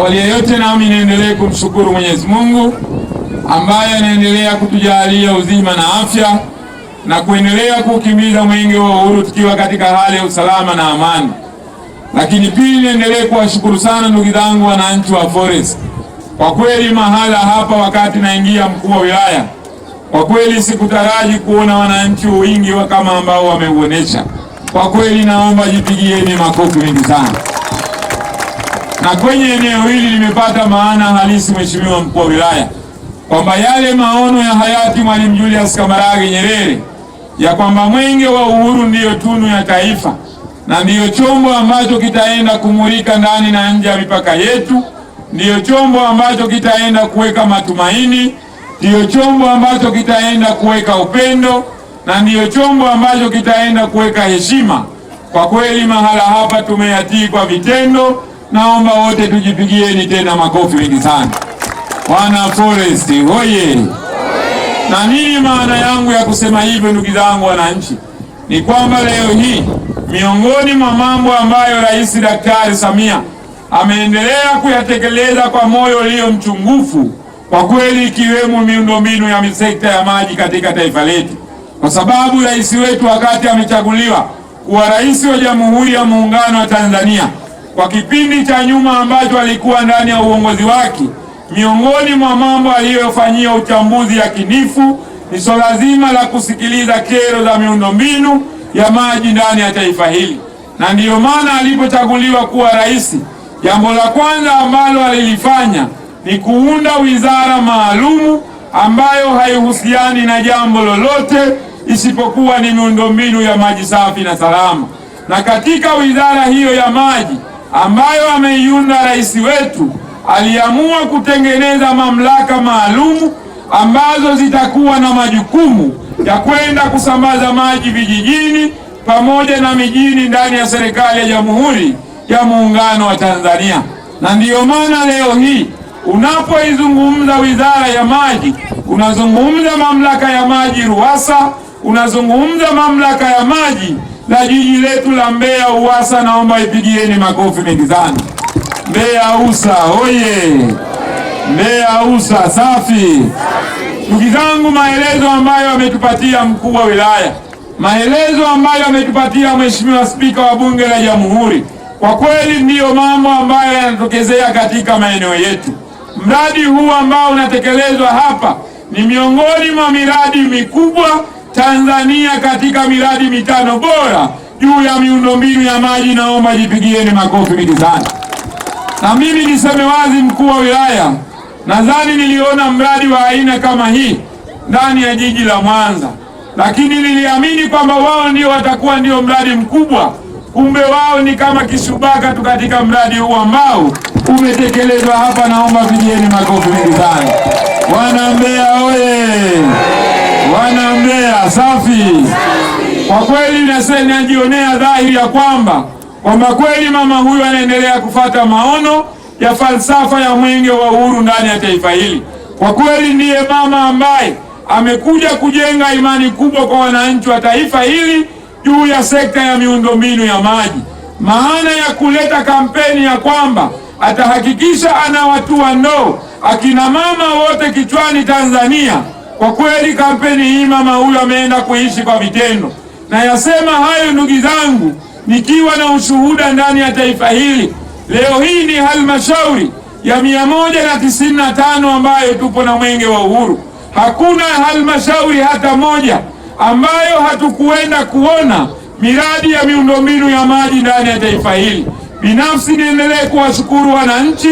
Awali yote nami niendelee kumshukuru Mwenyezi Mungu ambaye anaendelea kutujalia uzima na afya na kuendelea kukimbiza mwenge wa uhuru tukiwa katika hali ya usalama na amani. Lakini pili, niendelee kuwashukuru sana ndugu zangu wananchi wa Forest. Kwa kweli mahala hapa, wakati naingia mkuu wa wilaya, kwa kweli sikutaraji kuona wananchi wingi kama ambao wameuonesha. Kwa kweli naomba jipigieni makofi mengi sana na kwenye eneo hili limepata maana halisi, Mheshimiwa Mkuu wa Wilaya, kwamba yale maono ya hayati Mwalimu Julius Kambarage Nyerere ya kwamba mwenge wa uhuru ndiyo tunu ya taifa na ndiyo chombo ambacho kitaenda kumulika ndani na nje ya mipaka yetu, ndiyo chombo ambacho kitaenda kuweka matumaini, ndiyo chombo ambacho kitaenda kuweka upendo na ndiyo chombo ambacho kitaenda kuweka heshima. Kwa kweli mahala hapa tumeyatii kwa vitendo. Naomba wote tujipigieni tena makofi mengi sana. Wana Forest oye Na nini maana yangu ya kusema hivyo, ndugu zangu wananchi? Ni kwamba leo hii miongoni mwa mambo ambayo Rais Daktari Samia ameendelea kuyatekeleza kwa moyo ulio mchungufu kwa kweli, ikiwemo miundombinu ya sekta ya maji katika taifa letu, kwa sababu rais wetu wakati amechaguliwa kuwa rais wa Jamhuri ya Muungano wa Tanzania kwa kipindi cha nyuma ambacho alikuwa ndani ya uongozi wake, miongoni mwa mambo aliyofanyia uchambuzi ya kinifu ni swala zima la kusikiliza kero za miundombinu ya maji ndani ya taifa hili, na ndiyo maana alipochaguliwa kuwa rais, jambo la kwanza ambalo alilifanya ni kuunda wizara maalumu ambayo haihusiani na jambo lolote isipokuwa ni miundombinu ya maji safi na salama. Na katika wizara hiyo ya maji ambayo ameiunda rais wetu, aliamua kutengeneza mamlaka maalumu ambazo zitakuwa na majukumu ya kwenda kusambaza maji vijijini pamoja na mijini ndani ya serikali ya Jamhuri ya Muungano wa Tanzania. Na ndiyo maana leo hii unapoizungumza Wizara ya Maji, unazungumza mamlaka ya maji RUWASA, unazungumza mamlaka ya maji na jiji letu la Mbeya UWASA, naomba ipigieni makofi mengi sana. Mbeya USA oye! Mbeya USA safi! Ndugu zangu, maelezo ambayo ametupatia mkuu wa wilaya, maelezo ambayo ametupatia mheshimiwa Spika wa Bunge la Jamhuri, kwa kweli ndiyo mambo ambayo yanatokezea katika maeneo yetu. Mradi huu ambao unatekelezwa hapa ni miongoni mwa miradi mikubwa Tanzania katika miradi mitano bora juu ya miundombinu ya maji, naomba jipigieni makofi mingi sana. Na mimi niseme wazi, mkuu wa wilaya, nadhani niliona mradi wa aina kama hii ndani ya jiji la Mwanza, lakini niliamini kwamba wao ndio watakuwa ndio mradi mkubwa, kumbe wao ni kama kisubaka tu katika mradi huu ambao umetekelezwa hapa. Naomba pigieni makofi mingi sana. Wana Mbeya oye! Wana Mbeya safi! Kwa kweli najionea dhahiri ya kwamba kwamba kweli mama huyu anaendelea kufata maono ya falsafa ya mwenge wa uhuru ndani ya taifa hili. Kwa kweli ndiye mama ambaye amekuja kujenga imani kubwa kwa wananchi wa taifa hili juu ya sekta ya miundombinu ya maji, maana ya kuleta kampeni ya kwamba atahakikisha anawatua ndoo akina mama wote kichwani Tanzania kwa kweli kampeni hii mama huyu ameenda kuishi kwa vitendo, na yasema hayo ndugu zangu, nikiwa na ushuhuda ndani ya taifa hili. Leo hii ni halmashauri ya mia moja na tisini na tano ambayo tupo na mwenge wa uhuru. Hakuna halmashauri hata moja ambayo hatukuenda kuona miradi ya miundombinu ya maji ndani ya taifa hili. Binafsi niendelee kuwashukuru wananchi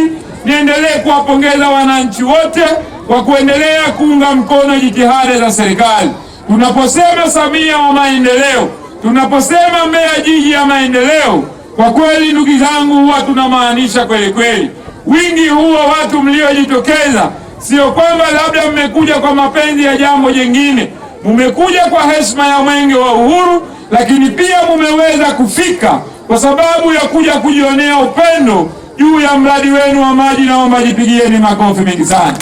niendelee kuwapongeza wananchi wote kwa kuendelea kuunga mkono jitihada za serikali. Tunaposema Samia wa maendeleo, tunaposema Mbeya jiji ya maendeleo, kwa kweli ndugu zangu, huwa tunamaanisha kweli kweli. Wingi huo watu mliojitokeza, sio kwamba labda mmekuja kwa mapenzi ya jambo jengine, mumekuja kwa heshima ya mwenge wa uhuru, lakini pia mumeweza kufika kwa sababu ya kuja kujionea upendo juu ya mradi wenu wa maji, naomba jipigieni makofi mengi sana.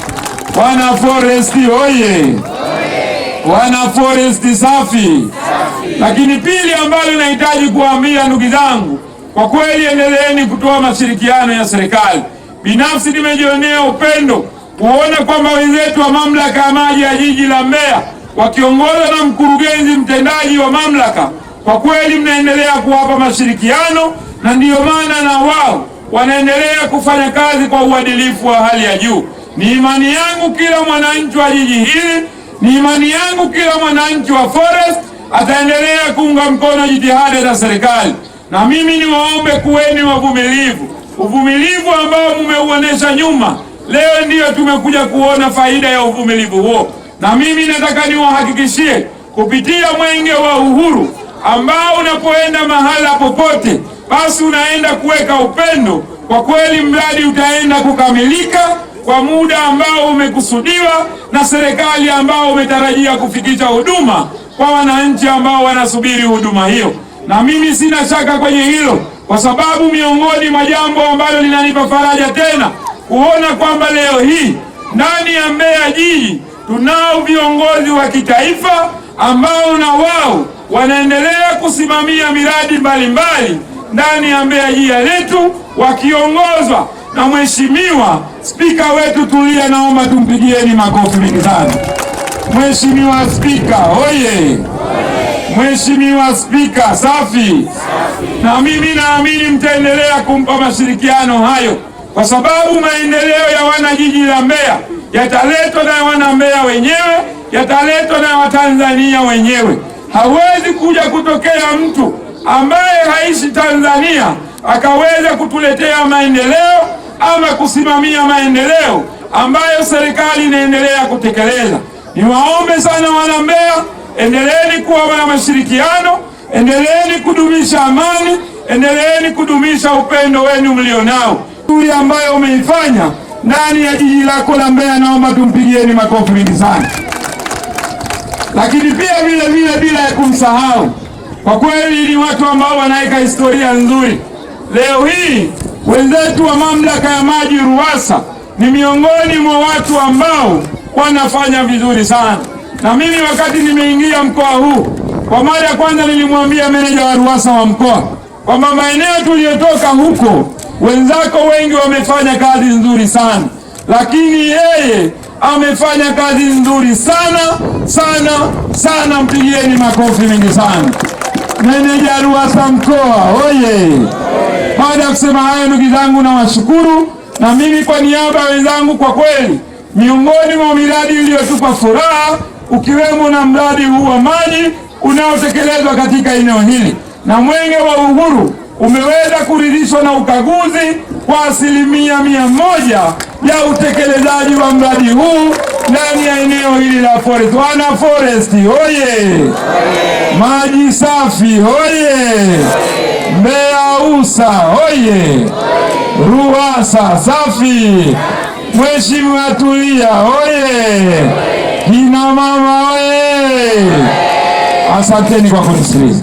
Wana foresti oye! Wana foresti safi! Lakini pili, ambayo nahitaji kuambia ndugu zangu, kwa kweli endeleeni kutoa mashirikiano ya serikali. Binafsi nimejionea upendo kuona kwamba wenzetu wa mamlaka ya maji ya jiji la Mbeya wakiongozwa na mkurugenzi mtendaji wa mamlaka, kwa kweli mnaendelea kuwapa mashirikiano, na ndiyo maana na wao wanaendelea kufanya kazi kwa uadilifu wa hali ya juu. Ni imani yangu kila mwananchi wa jiji hili, ni imani yangu kila mwananchi wa Forest ataendelea kuunga mkono jitihada za serikali, na mimi niwaombe kuweni wavumilivu, uvumilivu ambao mmeuonesha nyuma, leo ndiyo tumekuja kuona faida ya uvumilivu huo. Na mimi nataka niwahakikishie kupitia mwenge wa uhuru ambao unapoenda mahala popote basi unaenda kuweka upendo. Kwa kweli mradi utaenda kukamilika kwa muda ambao umekusudiwa na serikali, ambao umetarajia kufikisha huduma kwa wananchi ambao wanasubiri huduma hiyo, na mimi sina shaka kwenye hilo, kwa sababu miongoni mwa jambo ambalo linanipa faraja tena kuona kwamba leo hii ndani ya Mbeya jiji tunao viongozi wa kitaifa ambao na wao wanaendelea kusimamia miradi mbalimbali mbali ndani ya Mbeya jia letu wakiongozwa na mheshimiwa spika wetu Tulia. Naomba tumpigieni makofi mengi sana mheshimiwa spika oye! Mheshimiwa spika safi, safi. Na mimi naamini mtaendelea kumpa mashirikiano hayo, kwa sababu maendeleo ya wana jiji la Mbeya yataletwa na wana mbea wenyewe, yataletwa na Watanzania wenyewe. Hawezi kuja kutokea mtu ambaye haishi Tanzania akaweza kutuletea maendeleo ama kusimamia maendeleo ambayo serikali inaendelea kutekeleza. Niwaombe sana wana Mbeya, endeleeni kuwa na mashirikiano, endeleeni kudumisha amani, endeleeni kudumisha upendo wenu mlionao tuli ambayo umeifanya ndani ya jiji lako la Mbeya, naomba tumpigieni makofi mengi sana, lakini pia vile vile bila ya kumsahau kwa kweli ni watu ambao wanaweka historia nzuri. Leo hii wenzetu wa mamlaka ya maji RUWASA ni miongoni mwa watu ambao wanafanya vizuri sana, na mimi wakati nimeingia mkoa huu kwa mara ya kwanza nilimwambia meneja wa RUWASA wa mkoa kwamba maeneo tuliyotoka huko wenzako wengi wamefanya kazi nzuri sana, lakini yeye amefanya kazi nzuri sana sana sana. Mpigieni makofi mengi sana meneja RUWASA mkoa oye! Baada ya kusema hayo, ndugu zangu, nawashukuru na mimi kwa niaba ya wenzangu, kwa kweli miongoni mwa miradi iliyotupa furaha ukiwemo na mradi huu wa maji unaotekelezwa katika eneo hili na Mwenge wa Uhuru umeweza kuridhishwa na ukaguzi kwa asilimia mia moja ya utekelezaji wa mradi huu ndani ya eneo hili la forest. Wana forest hoye! Maji safi hoye! Mbeya Usa hoye! Ruwasa safi! Mheshimiwa Tulia hoye! Kina mama hoye! Asanteni kwa kunisikiliza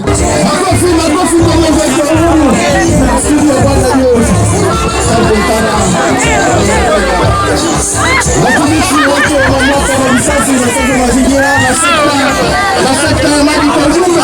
watumishi mazingira na sekta ya maji kwa ujumla